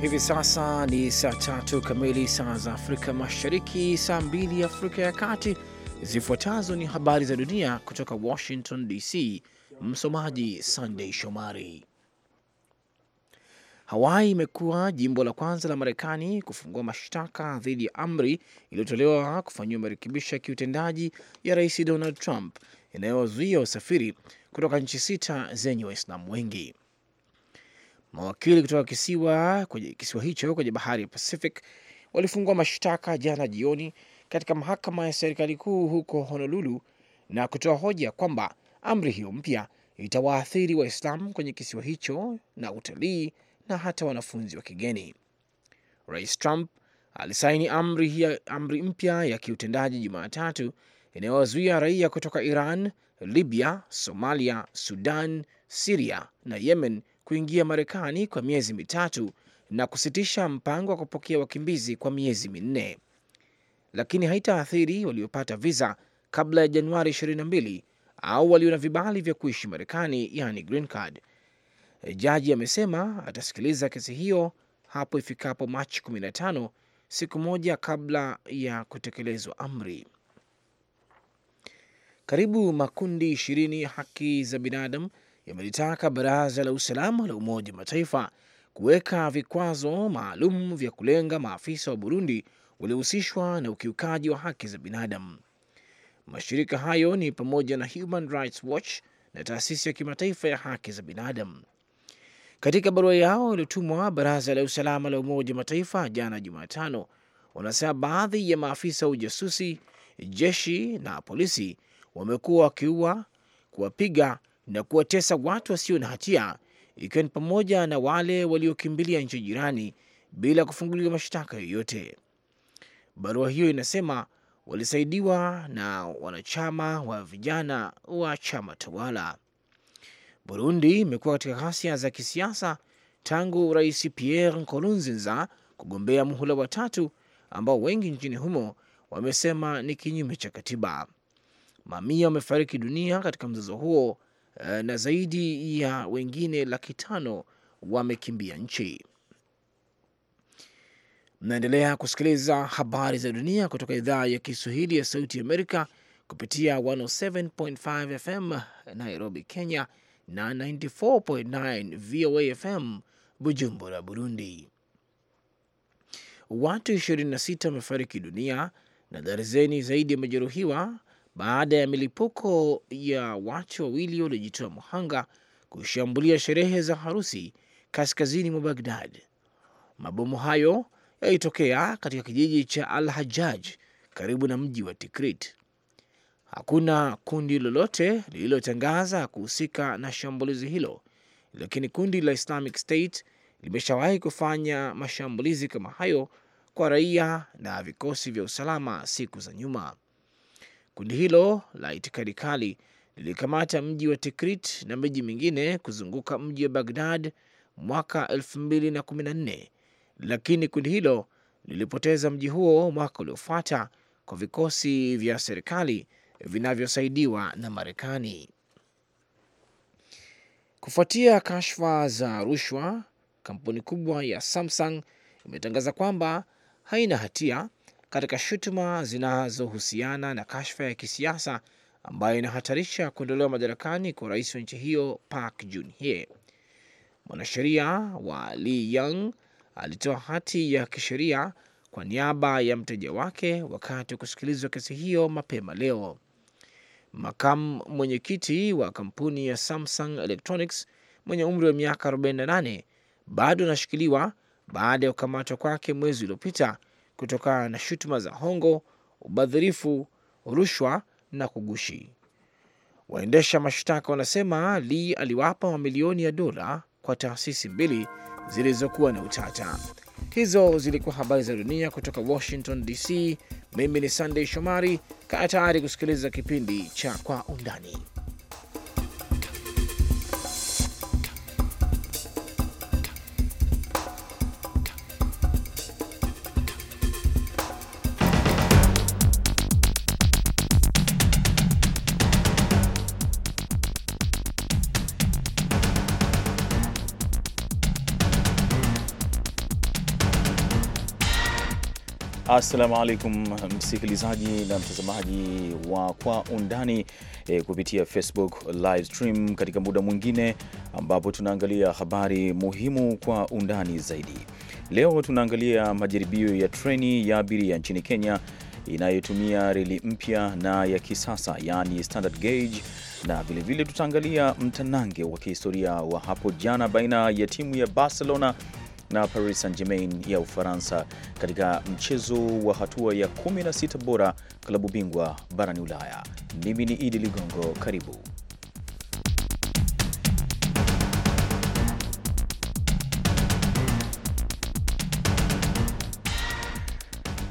Hivi sasa ni saa tatu kamili saa za Afrika Mashariki, saa mbili Afrika ya Kati. Zifuatazo ni habari za dunia kutoka Washington DC. Msomaji Sandei Shomari. Hawaii imekuwa jimbo la kwanza la Marekani kufungua mashtaka dhidi ya amri iliyotolewa kufanyiwa marekebisho ya kiutendaji ya Rais Donald Trump inayozuia usafiri kutoka nchi sita zenye Waislamu wengi. Mawakili kutoka kisiwa kwenye kisiwa hicho kwenye bahari ya Pacific walifungua mashtaka jana jioni katika mahakama ya serikali kuu huko Honolulu na kutoa hoja kwamba amri hiyo mpya itawaathiri Waislamu kwenye kisiwa hicho na utalii na hata wanafunzi wa kigeni. Rais Trump alisaini amri, amri mpya ya kiutendaji Jumatatu inayowazuia raia kutoka Iran, Libya, Somalia, Sudan, Siria na Yemen kuingia Marekani kwa miezi mitatu na kusitisha mpango wa kupokea wakimbizi kwa miezi minne, lakini haitaathiri waliopata viza kabla ya Januari 22 au walio na vibali vya kuishi Marekani, yani green card. Jaji amesema atasikiliza kesi hiyo hapo ifikapo Machi 15, siku moja kabla ya kutekelezwa amri. Karibu makundi ishirini ya haki za binadamu yamelitaka baraza la usalama la Umoja wa Mataifa kuweka vikwazo maalum vya kulenga maafisa wa Burundi waliohusishwa na ukiukaji wa haki za binadamu. Mashirika hayo ni pamoja na Human Rights Watch na taasisi ya kimataifa ya haki za binadamu. Katika barua yao iliyotumwa baraza la usalama la Umoja wa Mataifa jana Jumatano, wanasema baadhi ya maafisa wa ujasusi, jeshi na polisi wamekuwa wakiua, kuwapiga na kuwatesa watu wasio na hatia, ikiwa ni pamoja na wale waliokimbilia nchi jirani bila kufunguliwa mashtaka yoyote. Barua hiyo inasema walisaidiwa na wanachama wa vijana wa chama tawala. Burundi imekuwa katika ghasia za kisiasa tangu Rais Pierre Nkurunziza kugombea muhula wa tatu, ambao wengi nchini humo wamesema ni kinyume cha katiba. Mamia wamefariki dunia katika mzozo huo Eh, na zaidi ya wengine laki tano wamekimbia nchi. Mnaendelea kusikiliza habari za dunia kutoka idhaa ya Kiswahili ya Sauti Amerika kupitia 107.5 FM Nairobi, Kenya na 94.9 VOA FM Bujumbura, Burundi. Watu 26 wamefariki dunia na darzeni zaidi wamejeruhiwa baada ya milipuko ya watu wawili waliojitoa muhanga kushambulia sherehe za harusi kaskazini mwa Bagdad. Mabomu hayo yalitokea katika kijiji cha Al Hajaj karibu na mji wa Tikrit. Hakuna kundi lolote lililotangaza kuhusika na shambulizi hilo, lakini kundi la Islamic State limeshawahi kufanya mashambulizi kama hayo kwa raia na vikosi vya usalama siku za nyuma. Kundi hilo la itikadi kali lilikamata mji wa Tikrit na miji mingine kuzunguka mji wa Bagdad mwaka 2014 lakini kundi hilo lilipoteza mji huo mwaka uliofuata kwa vikosi vya serikali vinavyosaidiwa na Marekani. Kufuatia kashfa za rushwa, kampuni kubwa ya Samsung imetangaza kwamba haina hatia katika shutuma zinazohusiana na kashfa ya kisiasa ambayo inahatarisha kuondolewa madarakani kwa rais wa nchi hiyo Park Geun-hye. Mwanasheria wa Lee Young alitoa hati ya kisheria kwa niaba ya mteja wake wakati wa kusikilizwa kesi hiyo mapema leo. Makamu mwenyekiti wa kampuni ya Samsung Electronics mwenye umri wa miaka 48 bado anashikiliwa baada ya kukamatwa kwake mwezi uliopita kutokana na shutuma za hongo, ubadhirifu, rushwa na kugushi. Waendesha mashtaka wanasema Lee aliwapa mamilioni ya dola kwa taasisi mbili zilizokuwa na utata. Hizo zilikuwa habari za dunia kutoka Washington DC. Mimi ni sandey Shomari. Kaa tayari kusikiliza kipindi cha Kwa Undani. Assalamu alaikum msikilizaji na mtazamaji wa Kwa Undani e, kupitia Facebook live stream katika muda mwingine ambapo tunaangalia habari muhimu kwa undani zaidi. Leo tunaangalia majaribio ya treni ya abiria nchini Kenya inayotumia reli mpya na ya kisasa yaani standard gauge, na vilevile tutaangalia mtanange wa kihistoria wa hapo jana baina ya timu ya Barcelona na Paris Saint-Germain ya Ufaransa katika mchezo wa hatua ya 16 bora klabu bingwa barani Ulaya. Mimi ni Idi Ligongo, karibu.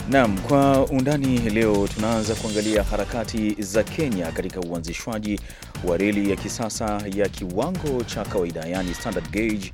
Naam, kwa undani leo tunaanza kuangalia harakati za Kenya katika uanzishwaji wa reli ya kisasa ya kiwango cha kawaida, yani standard gauge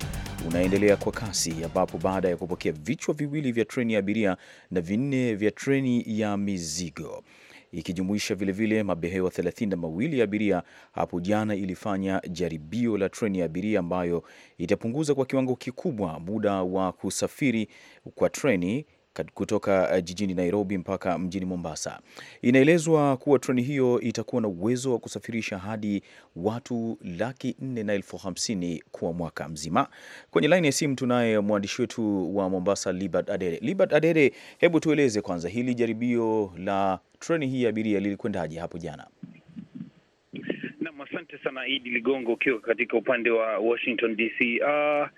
unaendelea kwa kasi, ambapo baada ya kupokea vichwa viwili vya treni ya abiria na vinne vya treni ya mizigo ikijumuisha vilevile mabehewa thelathini na mawili ya abiria hapo jana ilifanya jaribio la treni ya abiria ambayo itapunguza kwa kiwango kikubwa muda wa kusafiri kwa treni kutoka eh, jijini Nairobi mpaka mjini Mombasa. Inaelezwa kuwa treni hiyo itakuwa na uwezo wa kusafirisha hadi watu laki nne na elfu hamsini kwa mwaka mzima. Kwenye laini ya simu tunaye mwandishi wetu wa Mombasa, Libert Adere. Libert Adede, hebu tueleze kwanza hili jaribio la treni hii ya abiria lilikwendaje hapo jana? Nam, asante sana Idi Ligongo ukiwa katika upande wa Washington DC. Uh, ah,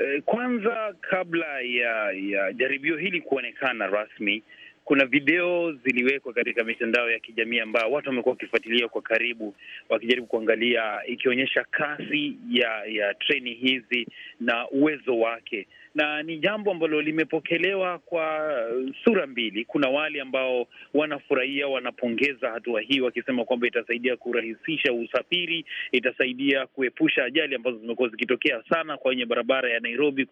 Eh, kwanza, kabla ya ya jaribio hili kuonekana rasmi, kuna video ziliwekwa katika mitandao ya kijamii ambayo watu wamekuwa wakifuatilia kwa karibu, wakijaribu kuangalia, ikionyesha kasi ya ya treni hizi na uwezo wake na ni jambo ambalo limepokelewa kwa uh, sura mbili. Kuna wale ambao wanafurahia, wanapongeza hatua hii, wakisema kwamba itasaidia kurahisisha usafiri, itasaidia kuepusha ajali ambazo zimekuwa zikitokea sana kwenye barabara ya Nairobi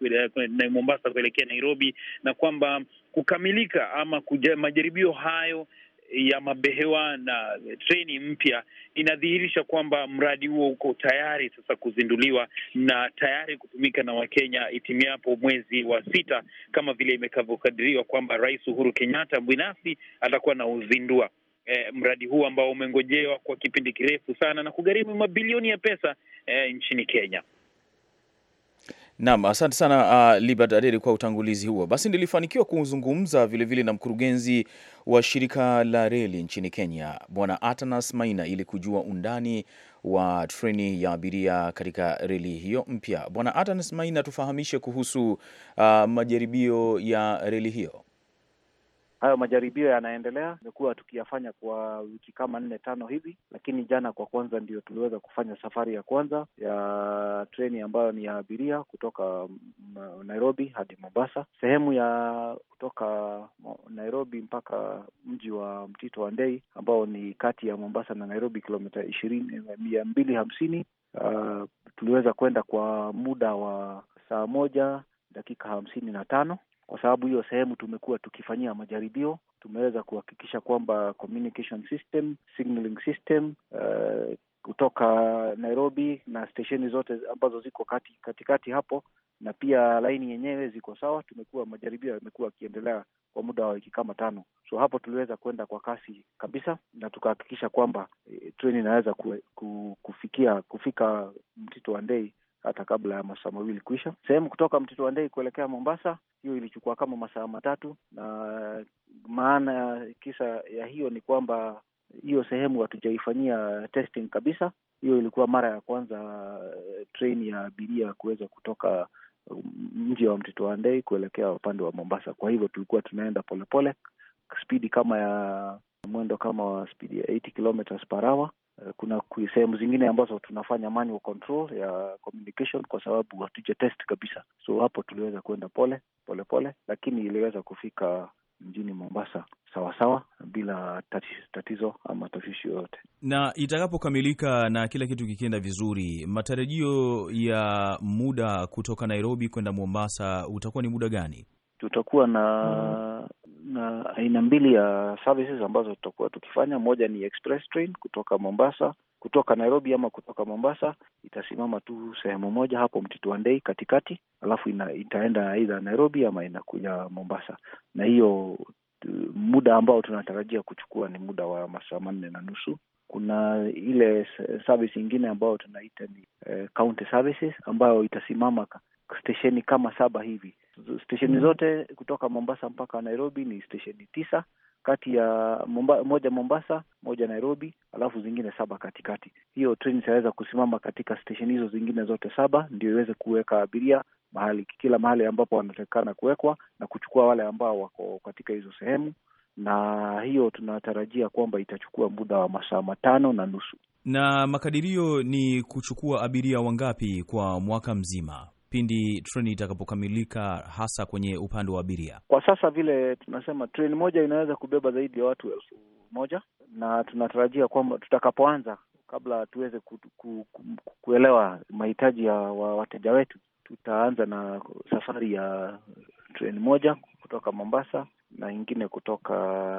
na Mombasa kuelekea Nairobi, na kwamba kukamilika ama kuja, majaribio hayo ya mabehewa na treni mpya inadhihirisha kwamba mradi huo uko tayari sasa kuzinduliwa na tayari kutumika na Wakenya itimiapo mwezi wa sita, kama vile imekavyokadiriwa kwamba Rais Uhuru Kenyatta binafsi atakuwa na uzindua eh, mradi huu ambao umengojewa kwa kipindi kirefu sana na kugharimu mabilioni ya pesa eh, nchini Kenya. Naam, asante sana uh, Libert Adede kwa utangulizi huo. Basi nilifanikiwa kuzungumza vilevile na mkurugenzi wa shirika la reli nchini Kenya, Bwana Atanas Maina ili kujua undani wa treni ya abiria katika reli hiyo mpya. Bwana Atanas Maina, tufahamishe kuhusu uh, majaribio ya reli hiyo. Hayo majaribio yanaendelea, tumekuwa tukiyafanya kwa wiki kama nne tano hivi, lakini jana kwa kwanza ndio tuliweza kufanya safari ya kwanza ya treni ambayo ni ya abiria kutoka Nairobi hadi Mombasa. Sehemu ya kutoka Nairobi mpaka mji wa Mtito wa Ndei ambao ni kati ya Mombasa na Nairobi, kilomita ishirini mia mbili hamsini. Uh, tuliweza kwenda kwa muda wa saa moja dakika hamsini na tano kwa sababu hiyo sehemu tumekuwa tukifanyia majaribio, tumeweza kuhakikisha kwamba communication system, signaling system uh, kutoka Nairobi na stesheni zote ambazo ziko kati katikati hapo na pia laini yenyewe ziko sawa. Tumekuwa majaribio yamekuwa akiendelea kwa muda wa wiki kama tano, so hapo tuliweza kwenda kwa kasi kabisa na tukahakikisha kwamba e, treni inaweza ku, kufikia kufika Mtito wa Ndei hata kabla ya masaa mawili kuisha. Sehemu kutoka Mtito wa Ndei kuelekea Mombasa, hiyo ilichukua kama masaa matatu, na maana ya kisa ya hiyo ni kwamba hiyo sehemu hatujaifanyia testing kabisa. Hiyo ilikuwa mara ya kwanza eh, treni ya abiria kuweza kutoka um, mji wa Mtito wa Ndei kuelekea upande wa Mombasa. Kwa hivyo tulikuwa tunaenda polepole, spidi kama ya mwendo kama wa spidi ya 80 kilometers per hour Eh, kuna sehemu zingine ambazo tunafanya manual control ya communication kwa sababu test kabisa, so hapo tuliweza kuenda pole pole pole, lakini iliweza kufika mjini Mombasa sawasawa sawa, bila tatizo ama tafishi yoyote. Na itakapokamilika na kila kitu kikienda vizuri, matarajio ya muda kutoka Nairobi kwenda Mombasa utakuwa ni muda gani? tutakuwa na mm-hmm. na aina mbili ya services ambazo tutakuwa tukifanya. Moja ni express train kutoka Mombasa, kutoka Nairobi ama kutoka Mombasa, itasimama tu sehemu moja hapo Mtito wa Ndei katikati, alafu ina, itaenda aidha Nairobi ama inakuja Mombasa, na hiyo uh, muda ambao tunatarajia kuchukua ni muda wa masaa manne na nusu. Kuna ile service ingine ambayo tunaita ni eh, county services ambayo itasimama stesheni kama saba hivi Stesheni mm. zote kutoka Mombasa mpaka Nairobi ni stesheni tisa, kati ya Momba, moja Mombasa, moja Nairobi, alafu zingine saba katikati. Hiyo treni itaweza kusimama katika stesheni hizo zingine zote saba, ndio iweze kuweka abiria mahali kila mahali ambapo wanatakikana kuwekwa na kuchukua wale ambao wako katika hizo sehemu, na hiyo tunatarajia kwamba itachukua muda wa masaa matano na nusu. Na makadirio ni kuchukua abiria wangapi kwa mwaka mzima? pindi treni itakapokamilika, hasa kwenye upande wa abiria? Kwa sasa vile tunasema treni moja inaweza kubeba zaidi ya watu elfu moja na tunatarajia kwamba tutakapoanza, kabla tuweze ku, ku, ku, kuelewa mahitaji ya wateja wetu, tutaanza na safari ya treni moja kutoka Mombasa na ingine kutoka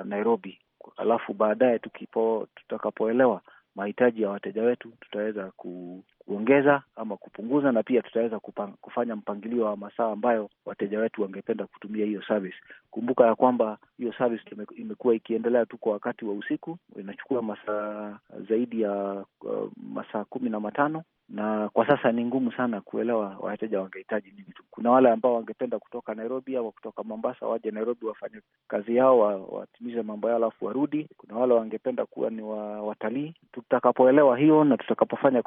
Nairobi, alafu baadaye tukipo tutakapoelewa mahitaji ya wateja wetu tutaweza ku kuongeza ama kupunguza, na pia tutaweza kupang, kufanya mpangilio wa masaa ambayo wateja wetu wangependa kutumia hiyo service. Kumbuka ya kwamba hiyo service imekuwa ikiendelea tu kwa wakati wa usiku, inachukua masaa zaidi ya uh, masaa kumi na matano na kwa sasa ni ngumu sana kuelewa wateja wangehitaji nini tu. Kuna wale ambao wangependa kutoka Nairobi au kutoka Mombasa waje Nairobi wafanye kazi yao watimize wa mambo yao alafu warudi. Kuna wale wangependa kuwa ni wa, watalii. Tutakapoelewa hiyo na tutakapofanya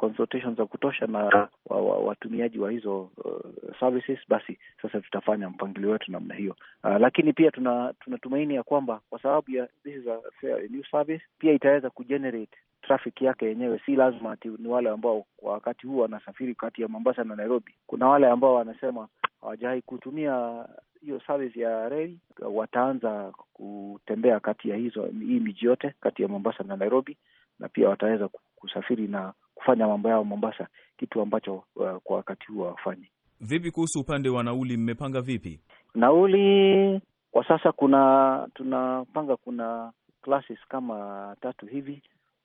za kutosha na watumiaji wa, watumiaji wa hizo uh, services, basi sasa tutafanya mpangilio wetu namna hiyo. Uh, lakini pia tuna tunatumaini ya kwamba kwa sababu ya this is a fair new service pia itaweza kugenerate traffic yake yenyewe, si lazima ati ni wale ambao kwa wakati huu wanasafiri kati ya Mombasa na Nairobi. Kuna wale ambao wanasema hawajawahi kutumia hiyo service ya reli, wataanza kutembea kati ya hizo hii miji yote kati ya Mombasa na Nairobi, na pia wataweza kusafiri na kufanya mambo yao Mombasa, kitu ambacho uh, kwa wakati huu hawafanyi. Vipi kuhusu upande wa nauli, mmepanga vipi nauli? Kwa sasa kuna tunapanga kuna classes kama tatu hivi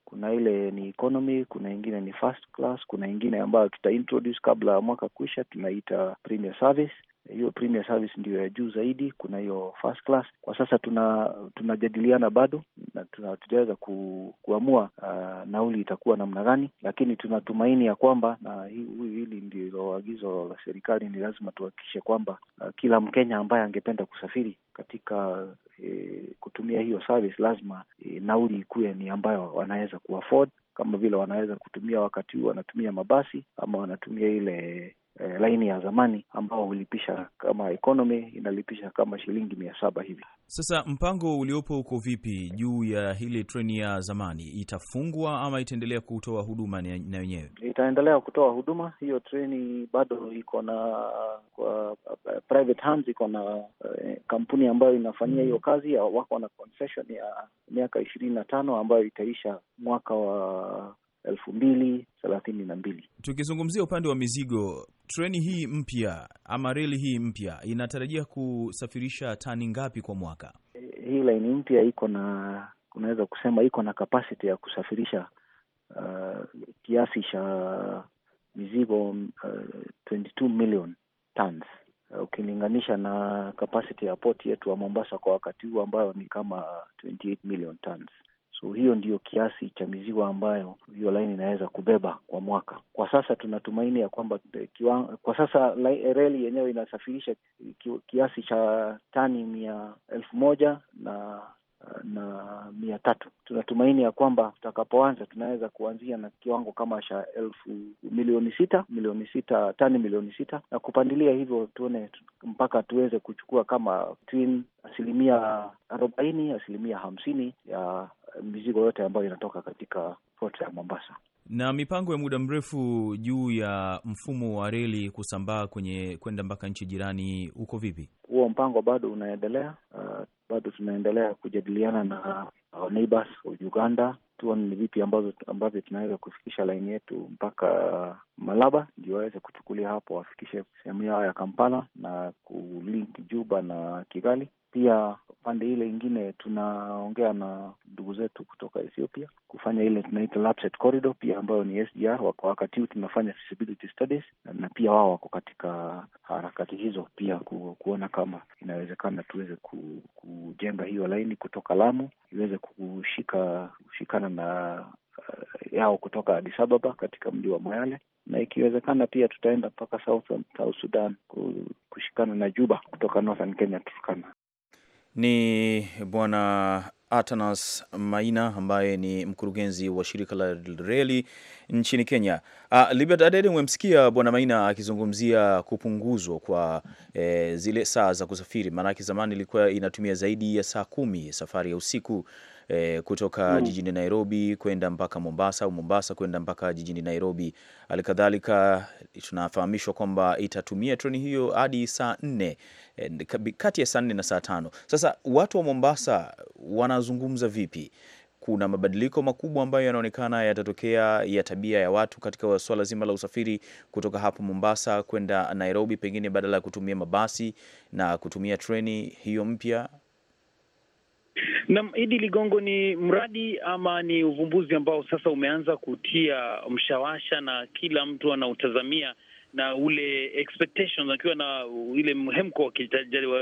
kuna ile ni economy, kuna ingine ni first class, kuna ingine ambayo introduce kabla ya mwaka kuisha, tunaita premier service. Hiyo premier service ndiyo ya juu zaidi. Kuna hiyo first class. Kwa sasa tuna tunajadiliana bado na hatujaweza ku, kuamua uh, nauli itakuwa namna gani, lakini tunatumaini ya kwamba na hili ndilo agizo la serikali, ni lazima tuhakikishe kwamba uh, kila Mkenya ambaye angependa kusafiri katika e, kutumia hiyo service lazima e, nauli ikuwe ni ambayo wanaweza kuafford, kama vile wanaweza kutumia wakati huu wanatumia mabasi ama wanatumia ile eh, laini ya zamani ambao hulipisha kama economy inalipisha kama shilingi mia saba hivi. Sasa mpango uliopo uko vipi juu ya hili treni ya zamani, itafungwa ama itaendelea kutoa huduma na wenyewe Itaendelea kutoa huduma hiyo. Treni bado iko na kwa eh, private hands, iko na eh, kampuni ambayo inafanyia hiyo mm-hmm. kazi. Wako na concession ya miaka ishirini na tano ambayo itaisha mwaka wa elfu mbili thelathini na mbili. Tukizungumzia upande wa mizigo, treni hii mpya ama reli hii mpya inatarajia kusafirisha tani ngapi kwa mwaka? Hii laini mpya iko na unaweza kusema iko na kapasiti ya kusafirisha uh, kiasi cha mizigo uh, 22 million tons uh, ukilinganisha na kapasiti ya poti yetu ya Mombasa kwa wakati huu ambayo ni kama 28 million tons. So hiyo ndiyo kiasi cha mizigo ambayo hiyo laini inaweza kubeba kwa mwaka. Kwa sasa tunatumaini ya kwamba eh, kiwa, kwa sasa eh, reli yenyewe inasafirisha kiasi cha tani mia elfu moja na Eh, na mia tatu. Tunatumaini ya kwamba tutakapoanza tunaweza kuanzia na kiwango kama cha elfu milioni sita milioni sita tani milioni sita na kupandilia hivyo, tuone mpaka tuweze kuchukua kama twin asilimia arobaini asilimia hamsini ya mizigo yote ambayo inatoka katika port ya Mombasa na mipango ya muda mrefu juu ya mfumo wa reli kusambaa kwenye kwenda mpaka nchi jirani, huko vipi? Huo mpango bado unaendelea. Uh, bado tunaendelea kujadiliana na our uh, neighbors wa Uganda tuone ni vipi ambazo ambavyo tunaweza kufikisha laini yetu mpaka Malaba ndio waweze kuchukulia hapo, wafikishe sehemu yao ya Kampala na kulink Juba na Kigali. Pia pande ile ingine tunaongea na ndugu zetu kutoka Ethiopia kufanya ile tunaita Lapset Corridor pia ambayo ni SDR. Kwa wakati huu tunafanya feasibility studies, na pia wao wako katika harakati hizo pia ku, kuona kama inawezekana tuweze ku, ku kujenga hiyo laini kutoka Lamu iweze kushika kushikana na uh, yao kutoka Addis Ababa katika mji wa Moyale na ikiwezekana pia tutaenda mpaka South Sudan kushikana na Juba kutoka Northern Kenya Turkana ni bwana Atanas Maina ambaye ni mkurugenzi wa shirika la reli nchini Kenya. Uh, ah, Libert Adede, umemsikia bwana Maina akizungumzia kupunguzwa kwa eh, zile saa za kusafiri, maanake zamani ilikuwa inatumia zaidi ya saa kumi safari ya usiku e, kutoka mm. jijini Nairobi kwenda mpaka Mombasa au Mombasa kwenda mpaka jijini Nairobi. Halikadhalika tunafahamishwa kwamba itatumia treni hiyo hadi saa nne e, kati ya saa nne na saa tano. Sasa watu wa Mombasa wanazungumza vipi? Kuna mabadiliko makubwa ambayo yanaonekana yatatokea ya tabia ya watu katika swala zima la usafiri kutoka hapo Mombasa kwenda Nairobi, pengine badala ya kutumia mabasi na kutumia treni hiyo mpya Naam, Idi Ligongo, ni mradi ama ni uvumbuzi ambao sasa umeanza kutia mshawasha na kila mtu anautazamia na ule expectations, akiwa na ile mhemko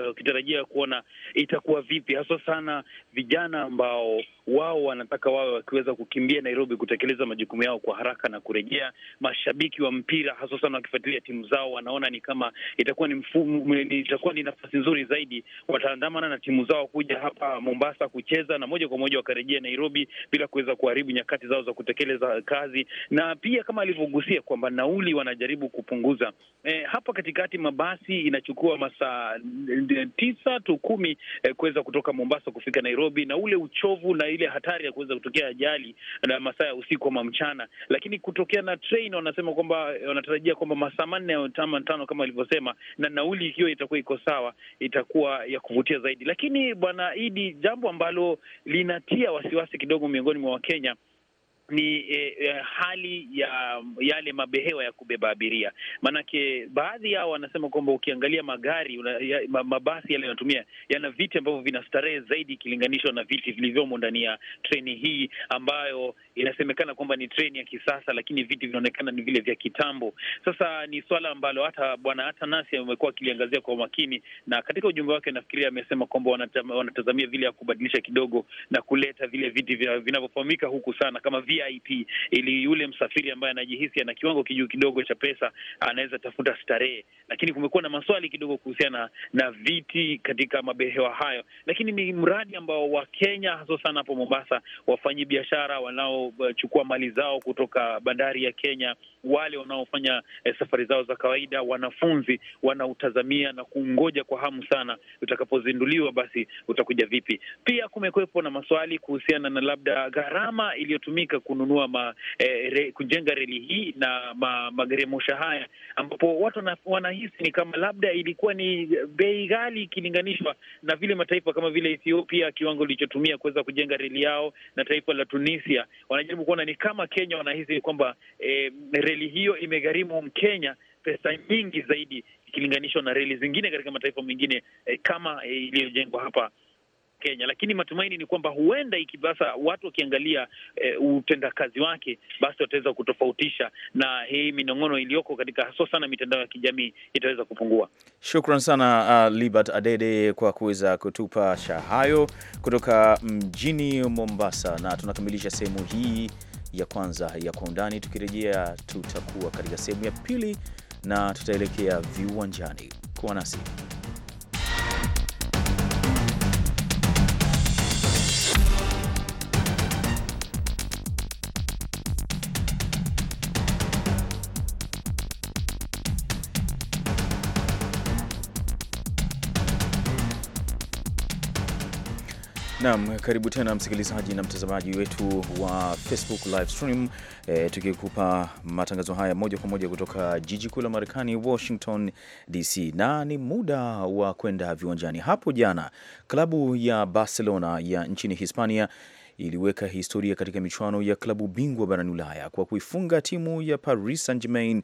wakitarajia kuona itakuwa vipi, haswa sana vijana ambao wao wanataka wawe wakiweza kukimbia Nairobi kutekeleza majukumu yao kwa haraka na kurejea. Mashabiki wa mpira haswa sana wakifuatilia timu zao, wanaona ni kama itakuwa ni mfumo, itakuwa ni nafasi nzuri zaidi, wataandamana na timu zao kuja hapa Mombasa kucheza na moja kwa moja wakarejea Nairobi bila kuweza kuharibu nyakati zao za kutekeleza kazi, na pia kama alivyogusia kwamba nauli wanajaribu kupunguza kupunguza E, eh, hapa katikati mabasi inachukua masaa eh, tisa tu kumi e, kuweza kutoka Mombasa kufika Nairobi, na ule uchovu na ile hatari ya kuweza kutokea ajali na masaa ya usiku ama mchana. Lakini kutokea na train, wanasema kwamba wanatarajia kwamba masaa manne ama tano kama ilivyosema na nauli ikiwa itakuwa iko sawa, itakuwa ya kuvutia zaidi. Lakini bwana Idi, jambo ambalo linatia wasiwasi kidogo miongoni mwa Wakenya ni eh, eh, hali ya yale mabehewa ya kubeba abiria. Maanake baadhi yao wanasema kwamba ukiangalia magari una, ya, mabasi yale yanatumia yana viti ambavyo vina starehe zaidi ikilinganishwa na viti vilivyomo ndani ya treni hii ambayo inasemekana kwamba ni treni ya kisasa, lakini viti vinaonekana ni vile vya kitambo. Sasa ni swala ambalo hata bwana Atanasi amekuwa akiliangazia kwa umakini, na katika ujumbe wake nafikiria amesema kwamba wanatazamia vile ya kubadilisha kidogo na kuleta vile viti vinavyofahamika huku sana kama vile VIP, ili yule msafiri ambaye anajihisi ana kiwango kijuu kidogo cha pesa anaweza tafuta starehe. Lakini kumekuwa na maswali kidogo kuhusiana na viti katika mabehewa hayo, lakini ni mradi ambao Wakenya hasa sana hapo Mombasa, wafanyi biashara wanaochukua mali zao kutoka bandari ya Kenya, wale wanaofanya eh, safari zao za kawaida, wanafunzi wanautazamia na kungoja kwa hamu sana. Utakapozinduliwa basi utakuja vipi? Pia kumekuwepo na maswali kuhusiana na labda gharama iliyotumika kununua ma, eh, re, kujenga reli hii na ma, magari mosha haya, ambapo watu wanahisi ni kama labda ilikuwa ni bei ghali ikilinganishwa na vile mataifa kama vile Ethiopia, kiwango ilichotumia kuweza kujenga reli yao na taifa la Tunisia. Wanajaribu kuona ni kama Kenya wanahisi kwamba eh, reli hiyo imegharimu Mkenya pesa nyingi zaidi ikilinganishwa na reli zingine katika mataifa mengine eh, kama eh, iliyojengwa hapa Kenya, lakini matumaini ni kwamba huenda ikibasa watu wakiangalia e, utendakazi wake basi wataweza kutofautisha na hii minong'ono iliyoko katika haswa sana mitandao ya kijamii itaweza kupungua. Shukran sana uh, Libert Adede kwa kuweza kutupa shahayo kutoka mjini Mombasa, na tunakamilisha sehemu hii ya kwanza ya kwa undani. Tukirejea tutakuwa katika sehemu ya pili na tutaelekea viwanjani. Kuwa nasi. Naam, karibu tena msikilizaji na mtazamaji wetu wa Facebook live stream e, tukikupa matangazo haya moja kwa moja kutoka jiji kuu la Marekani, Washington DC, na ni muda wa kwenda viwanjani. Hapo jana klabu ya Barcelona ya nchini Hispania iliweka historia katika michuano ya klabu bingwa barani Ulaya kwa kuifunga timu ya Paris Saint-Germain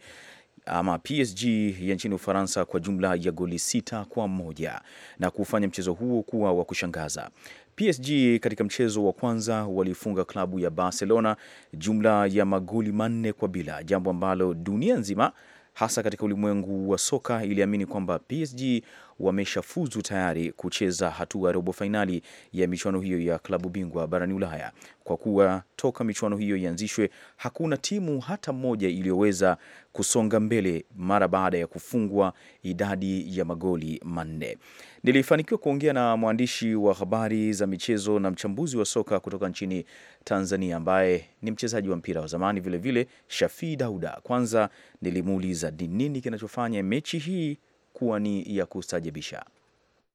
ama PSG ya nchini Ufaransa kwa jumla ya goli sita kwa moja na kufanya mchezo huo kuwa wa kushangaza. PSG katika mchezo wa kwanza walifunga klabu ya Barcelona jumla ya magoli manne kwa bila, jambo ambalo dunia nzima hasa katika ulimwengu wa soka iliamini kwamba PSG wameshafuzu tayari kucheza hatua ya robo fainali ya michuano hiyo ya klabu bingwa barani Ulaya, kwa kuwa toka michuano hiyo ianzishwe hakuna timu hata moja iliyoweza kusonga mbele mara baada ya kufungwa idadi ya magoli manne. Nilifanikiwa kuongea na mwandishi wa habari za michezo na mchambuzi wa soka kutoka nchini Tanzania ambaye ni mchezaji wa mpira wa zamani vilevile, Shafii Dauda. Kwanza nilimuuliza ni nini kinachofanya mechi hii kuwa ni ya kustajabisha.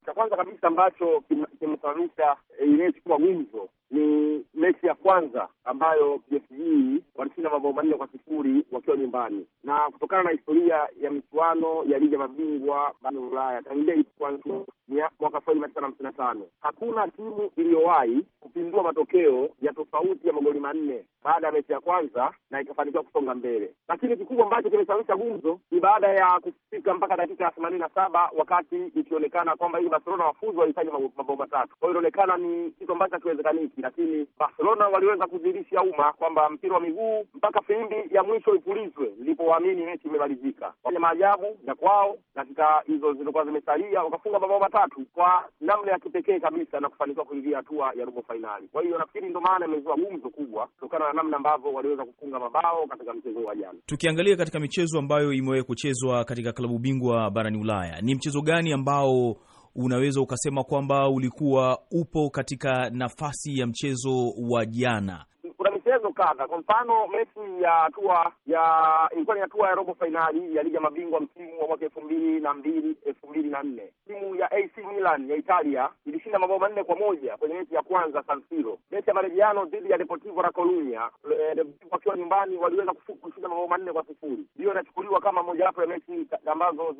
Cha kwanza kabisa ambacho kimkarusha eh, ilikuwa gumzo ni mechi ya kwanza ambayo PSG walishinda mabao manne kwa sifuri wakiwa nyumbani, na kutokana na historia ya michuano ya ligi ya mabingwa barani Ulaya tangia ilipoanzishwa mwaka elfu moja mia tisa na hamsini na tano hakuna timu iliyowahi kupindua matokeo ya tofauti ya magoli manne baada ya mechi ya kwanza na ikafanikiwa kusonga mbele. Lakini kikubwa ambacho kimesababisha gumzo ni baada ya kufika mpaka dakika ya themanini na saba wakati ikionekana kwamba ili Barcelona wafuzu walihitaji mabao matatu. Kwa hiyo inaonekana ni kitu ambacho hakiwezekaniki Olimpiki, lakini Barcelona waliweza kudhihirisha umma kwamba mpira wa miguu mpaka filimbi ya mwisho ipulizwe, nilipowaamini mechi imemalizika. Wafanya maajabu ya kwao, dakika hizo zilizokuwa zimesalia wakafunga mabao matatu kwa namna ya kipekee kabisa na kufanikiwa kuingia hatua ya robo fainali. Kwa hiyo nafikiri ndio maana imezua gumzo kubwa kutokana na namna ambavyo waliweza kufunga mabao katika mchezo wa jana. Tukiangalia katika michezo ambayo imewahi kuchezwa katika klabu bingwa barani Ulaya, ni mchezo gani ambao unaweza ukasema kwamba ulikuwa upo katika nafasi ya mchezo wa jana michezo kadha. Kwa mfano mechi ya hatua ya ilikuwa ni hatua ya robo fainali ya ligi ya mabingwa msimu wa mwaka elfu mbili na mbili elfu mbili na nne timu ya AC Milan ya Italia ilishinda mabao manne kwa moja kwenye mechi ya kwanza San Siro. Mechi ya marejiano dhidi ya Deportivo La Corunya wakiwa nyumbani waliweza kushinda mabao manne kwa sifuri. Hiyo inachukuliwa kama mojawapo ya mechi ambazo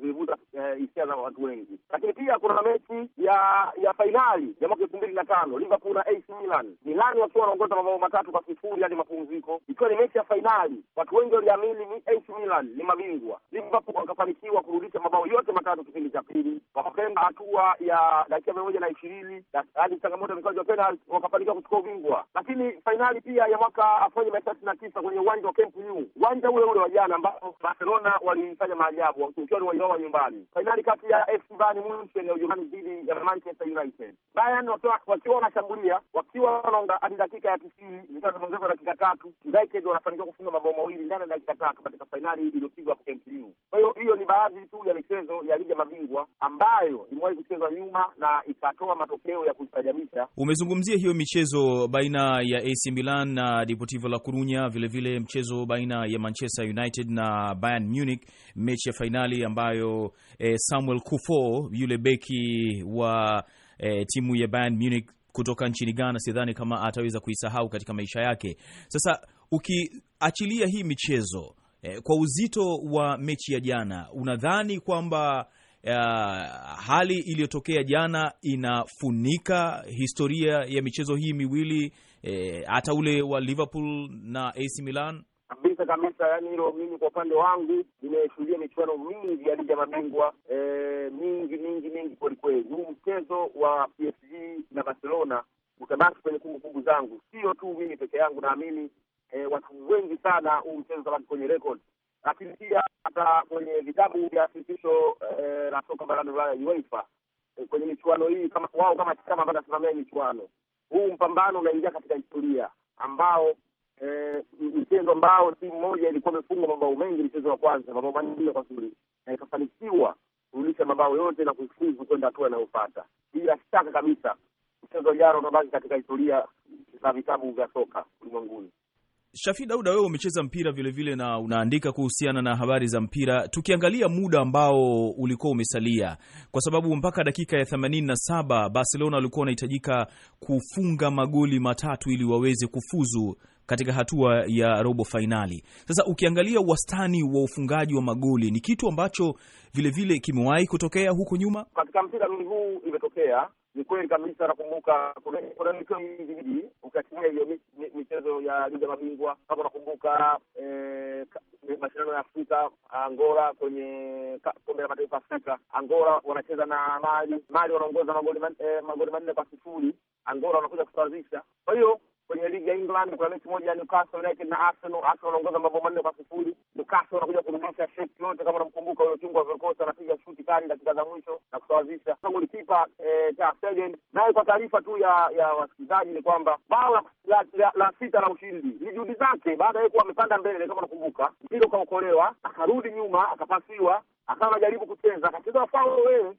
zilivuta eh, hisia za watu wengi, lakini pia kuna mechi ya ya fainali ya mwaka elfu mbili na tano Liverpool na AC Milan, Milan wakiwa wanaongoza mabao tatu kwa sifuri hadi mapumziko, ikiwa ni mechi ya fainali. Watu wengi waliamini ni AC Milan ni mabingwa. Liverpool wakafanikiwa kurudisha mabao yote matatu kipindi cha pili, wakapenda hatua ya dakika mia moja na ishirini hadi changamoto ya mikoaji wa penalti, wakafanikiwa kuchukua ubingwa. Lakini fainali pia ya mwaka elfu moja mia tisa tisini na tisa kwenye uwanja wa Camp Nou, uwanja ule ule wa jana ambapo Barcelona walifanya maajabu ukiwa ni wajao wa nyumbani, fainali kati ya FC Bayern Munchen ya Ujerumani dhidi ya Manchester United. Bayern wakiwa wanashambulia wakiwa wanaonga hadi dakika ya tisini ilikuwa dakika tatu. United wanafanikiwa kufunga mabao mawili ndani ya dakika tatu katika fainali hii iliyopigwa hapo Camp Nou. Kwa hiyo hiyo ni baadhi tu ya michezo ya ligi ya mabingwa ambayo imewahi kuchezwa nyuma na ikatoa matokeo ya kustaajabisha. Umezungumzia hiyo michezo baina ya AC Milan na Deportivo La Corunya, vilevile mchezo baina ya Manchester United na Bayern Munich, mechi ya fainali ambayo eh, Samuel Kufo yule beki wa eh, timu ya Bayern Munich kutoka nchini Ghana, sidhani kama ataweza kuisahau katika maisha yake. Sasa ukiachilia hii michezo eh, kwa uzito wa mechi ya jana, unadhani kwamba Uh, hali iliyotokea jana inafunika historia ya michezo hii miwili eh, hata eh, ule wa Liverpool na AC Milan kabisa kabisa. Yani hilo mimi kwa upande wangu nimeshuhudia michuano mingi ya ligi ya mabingwa e, mingi mingi mingi kwelikweli. Huu mchezo wa PSG na Barcelona utabaki kwenye kumbukumbu zangu, sio tu mimi peke yangu, naamini e, watu wengi sana, huu mchezo utabaki kwenye record, lakini pia hata kwenye vitabu vya shirikisho eh, la soka barani Ulaya, UEFA eh, kwenye michuano hii kama wao kama chama ambayo nasimamia michuano, huu mpambano unaingia katika historia ambao Eh, mchezo ambao timu moja ilikuwa imefungwa mabao mengi, mchezo wa kwanza mabao manne kwa sifuri, na ikafanikiwa kurudisha mabao yote na kufuzu kwenda hatua inayofuata. Bila shaka kabisa mchezo jaro unabaki katika historia za vitabu vya soka ulimwenguni. Shafi Dauda, wewe umecheza mpira vile vile na unaandika kuhusiana na habari za mpira. Tukiangalia muda ambao ulikuwa umesalia, kwa sababu mpaka dakika ya themanini na saba Barcelona walikuwa wanahitajika kufunga magoli matatu ili waweze kufuzu katika hatua ya robo fainali. Sasa ukiangalia wastani wa ufungaji wa magoli ni kitu ambacho vilevile kimewahi kutokea huko nyuma katika mpira huu, imetokea ni kweli kabisa. Nakumbuka kuna mikio mingi mingi, ukiachilia hiyo michezo ya ligi ya mabingwa hapo, nakumbuka eh, mashindano ya Afrika Angola, kwenye kombe la mataifa Afrika, Angola wanacheza na Mali, Mali wanaongoza magoli eh, manne kwa sifuri, Angola wanakuja kusawazisha. Kwa hiyo kwenye ligi ya England kuna mechi moja ya Newcastle United na Arsenal. Arsenal wanaongoza mabao manne kwa sifuri. Newcastle wanakuja kurudisha shuti yote, kama namkumbuka yule chungwa Verkosa anapiga shuti kali dakika za mwisho na kusawazisha. Golikipa eh, Ter Stegen naye, kwa taarifa tu ya ya wasikilizaji ni kwamba bao la sita la ushindi ni juhudi zake, baada ya kuwa amepanda mbele, kama nakumbuka, mpira ukaokolewa, akarudi nyuma, akapasiwa akawa anajaribu kucheza akacheza faulu. Wewe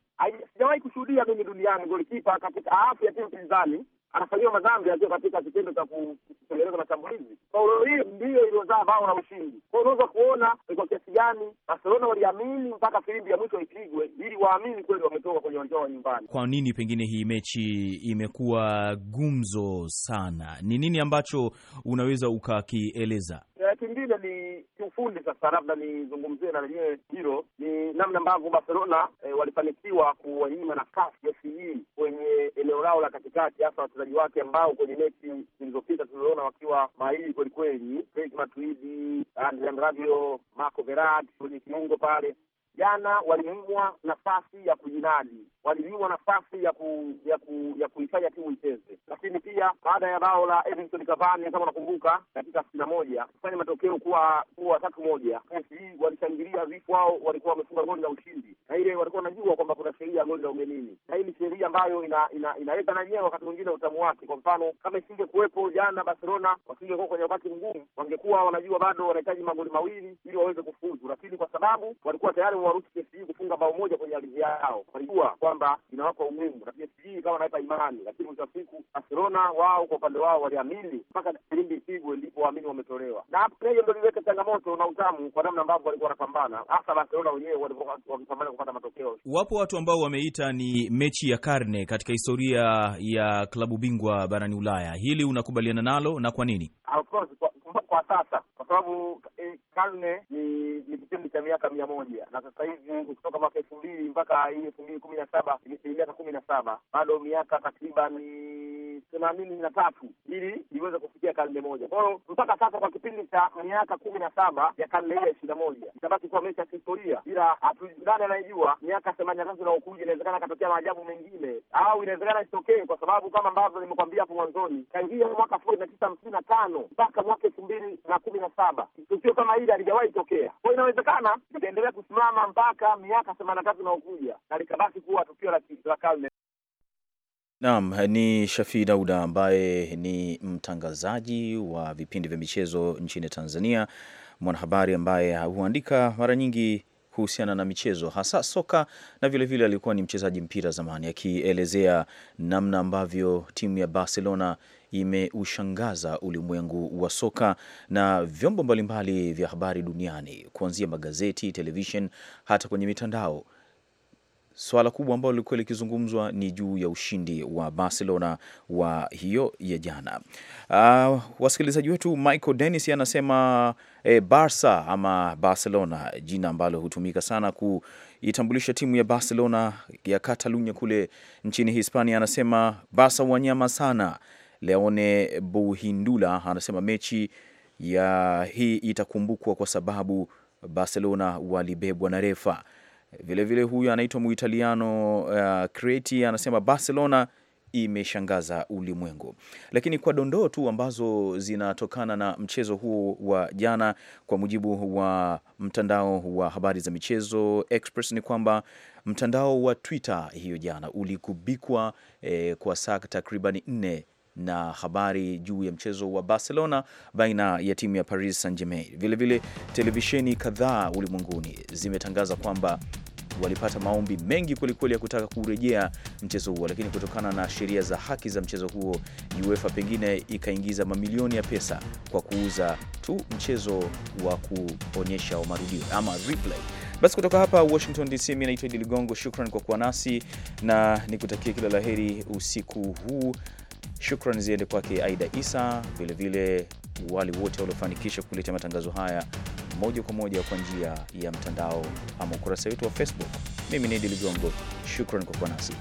sijawahi kushuhudia mimi duniani golikipa katika aafu ya timu pinzani anafanyiwa madhambi akiwa katika kitendo cha kutekeleza mashambulizi. Paulo hii ndiyo iliyozaa bao la ushindi. Kwa unaweza kuona ni kwa kiasi gani Barcelona waliamini mpaka filimbi ya mwisho ipigwe, ili waamini kweli wametoka kwenye uwanja wa nyumbani. Kwa nini pengine hii mechi imekuwa gumzo sana? Ni nini ambacho unaweza ukakieleza? Eh, kingine ni kiufundi sasa, labda nizungumzie na lenyewe hilo, ni namna ambavyo Barcelona e, walifanikiwa kuwanyima nafasi ACE kwenye eneo lao la katikati, hasa wachezaji wake ambao kwenye mechi zilizopita tuliona wakiwa mahiri kwelikweli, Matuidi, Adrian Rabiot, Marco Verratti kwenye kiungo pale jana walinyimwa nafasi ya kujinadi, walinyimwa nafasi ya ku, ya ku, ya kuifanya timu icheze. Lakini pia baada ya bao la Edinson Cavani, kama unakumbuka, dakika sitini na moja kufanya matokeo kuwa kuwa tatu moja, hii walishangilia vifu, wao walikuwa wamefunga goli la ushindi, na ile walikuwa wanajua kwamba kuna sheria ya goli la ugenini, na hii ni sheria ambayo ina, ina, ina na yenyewe wakati mwingine utamu wake. Kwa mfano kama isinge kuwepo jana, Barcelona wasingekuwa kwenye wakati mgumu, wangekuwa wanajua bado wanahitaji magoli mawili ili waweze kufuzu, lakini kwa sababu walikuwa tayari wa PSG kufunga bao moja kwenye ardhi yao, walijua kwamba inawapa umuhimu na PSG kama naipa imani, lakini mwisho wa siku Barcelona wao kwa upande wao waliamini mpaka filimbi ipigwe ndipo waamini wametolewa, na hiyo ndio iliweka changamoto na utamu kwa namna ambavyo walikuwa wanapambana, hasa Barcelona wenyewe walikuwa wakipambana kupata matokeo. Wapo watu ambao wameita ni mechi ya karne katika historia ya klabu bingwa barani Ulaya. Hili unakubaliana nalo na kwa nini? Of course kwa sasa, kwa sababu eh, karne ni ni kipindi cha miaka mia moja na sasa hivi kutoka mwaka elfu mbili mpaka hii elfu mbili kumi na saba ni miaka kumi na saba bado miaka takriban themanini na tatu ili iweze kufikia karne moja kwao mpaka sasa kipindi cha miaka kumi na saba ya karne hii ishirini na moja itabaki kuwa mechi ya kihistoria, ila hatudani anayejua miaka themanini na tatu inaokuja inawezekana akatokea maajabu mengine, au inawezekana isitokee, kwa sababu kama ambavyo nimekwambia hapo mwanzoni, tangia mwaka elfu moja mia tisa hamsini na tano mpaka mwaka elfu mbili na kumi na saba tukio kama hili halijawahi tokea. Kwa inawezekana itaendelea kusimama mpaka miaka themanini na tatu inaokuja na likabaki kuwa tukio la karne. Naam, ni Shafii Dauda ambaye ni mtangazaji wa vipindi vya michezo nchini Tanzania, mwanahabari ambaye huandika mara nyingi kuhusiana na michezo hasa soka na vilevile vile alikuwa ni mchezaji mpira zamani, akielezea namna ambavyo timu ya Barcelona imeushangaza ulimwengu wa soka na vyombo mbalimbali vya habari duniani kuanzia magazeti, televishen, hata kwenye mitandao swala kubwa ambalo lilikuwa likizungumzwa ni juu ya ushindi wa Barcelona wa hiyo ya jana. Uh, wasikilizaji wetu, Michael Dennis anasema e, Barca ama Barcelona, jina ambalo hutumika sana kuitambulisha timu ya Barcelona ya Catalunya kule nchini Hispania. Anasema Barca wanyama sana. Leone Buhindula anasema mechi ya hii itakumbukwa kwa sababu Barcelona walibebwa na refa. Vilevile huyu anaitwa Muitaliano uh, Creti anasema Barcelona imeshangaza ulimwengu. Lakini kwa dondoo tu ambazo zinatokana na mchezo huo wa jana, kwa mujibu wa mtandao wa habari za michezo Express, ni kwamba mtandao wa Twitter hiyo jana uligubikwa eh, kwa saa takriban nne na habari juu ya mchezo wa Barcelona baina ya timu ya Paris Saint-Germain. Vilevile televisheni kadhaa ulimwenguni zimetangaza kwamba walipata maombi mengi kwelikweli ya kutaka kurejea mchezo huo, lakini kutokana na sheria za haki za mchezo huo UEFA pengine ikaingiza mamilioni ya pesa kwa kuuza tu mchezo wa kuonyesha marudio ama replay. Basi kutoka hapa Washington DC, mi naitwa Idi Ligongo, shukran kwa kuwa nasi na nikutakia kila laheri usiku huu Shukrani ziende kwake Aida Isa, vilevile wale wote waliofanikisha kuleta matangazo haya moja kwa moja kwa njia ya mtandao ama ukurasa wetu wa Facebook. Mimi ni Idi Ligongo, shukrani kwa kuwa nasi.